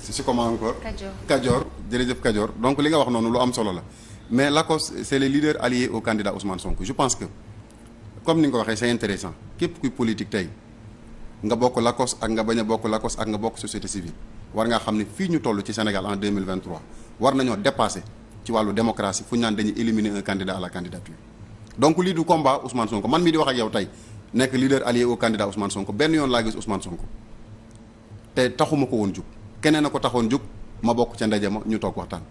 ci comment encore Kajoor jërëjëf Kajoor donc li nga wax noonu lu am solo la mais LACOS c'est les leaders alliés au candidat Ousmane je pense que comme ni nga ko waxee c'est intéressant képp kuy politique tey nga bokk LACOS ak nga bañ a bokk LACOS ak nga bokk société civile war ngaa xam ne fii ñu toll ci Sénégal en 2023 war nañoo dépasser ci wàllu démocratie fu naan dañuy éliminer un candidat la candidature donc lii du combat Ousmane Sonko man mii di wax ak yow tey nekk leader allié au candidat Ousmane Sonko benn yoon laa gis Ousmane Sonko te taxuma ko woon jug keneen na ko taxoon jóg ma bokk ca ndaje ma ñu toog waxtaan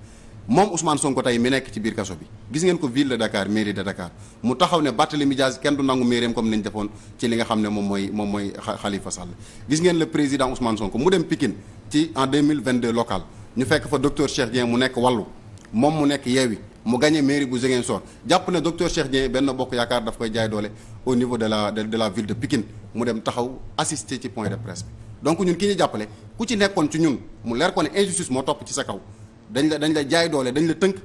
moom Ousmane Sonko tey mi nekk ci biir kaso bi gis ngeen ko ville de Dakar mairie de Dakar mu taxaw ne Barthélémy Dias kenn du nangu mairie am comme nañ defoon ci li nga xam ne moom mooy moom mooy Khalifa Sall gis ngeen le président Ousmane Sonko mu dem Pikine ci en 2022 local ñu fekk fa docteur Cheikh Dieng mu nekk wàllu moom mu nekk yeewi mu gagné mairie bu Ziguinchor jàpp ne docteur Cheikh Dieng bokk yaakaar daf koy jaay au niveau de la de la ville de Pikine mu ci point de presse donc ñun kii ñu jàppale ku ci nekkoon ci ñun mu leer ko ne injustice moo topp ci sa kaw dañ la dañ la jaay doole dañ la tënk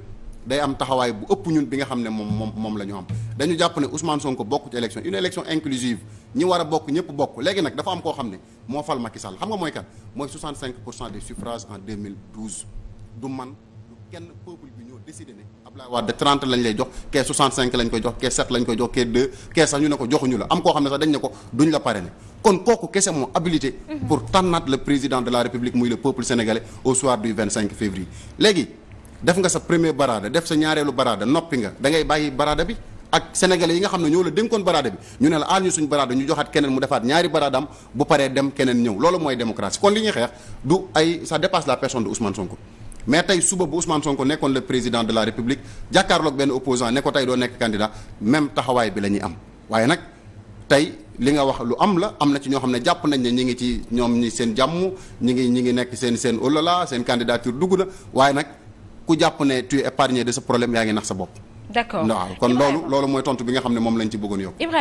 day am taxawaay bu ëpp ñun bi nga xam ne moom moom moom la ñu am dañu jàpp ne Ousmane Sonko bokk ci élection une élection inclusive ñi war bokk ñëpp bokk léegi nag dafa am koo xam ne moo fal Macky Sall xam nga mooy kan mooy 65 pour cent des suffrages en 2012 du man kenn peuple bi ñoo décidé ne Ablaye Wade 30 lañ lay jox kee 65 lañ koy jox kee 7 lañ koy jox kee 2 kee sax ñu ne ko joxuñu la am koo xam ne sax dañ ne ko duñ la parrainé kon kooku kese moo habilité mhm. pour tànnaat le président de la république muy le peuple sénégalais au soir du 25 février léegi def nga sa premier baraada def sa ñaareelu baraada noppi nga da ngay bàyyi baraada ak sénégalais yi nga xam ne ñoo la dénkoon baraada bi ñu ne la aal ñu suñ baraada ñu mu defaat ñaari baraadaam bu paree dem keneen ñëw loolu mooy démocratie kon li ñuy xeex du ay ça dépasse la personne de mais tey suba bu Ousmane Sonko nekkoon le président de la République jàkkaarloog benn opposant ne ko tey doo nekk candidat même taxawaay bi la ñuy am waaye nag tey li nga wax lu am la am na ci ñoo xam ne jàpp nañ ne ñi ngi ci ñoom ñi seen jàmm ñi ngi ñi ngi nekk seen seen olala seen candidature dugg na waaye nag ku jàpp ne tu es épargné de ce problème yaa ngi nax sa bopp. d'accord waaw kon loolu loolu mooy tontu bi nga xam ne moom lañ ci bëggoon yokk.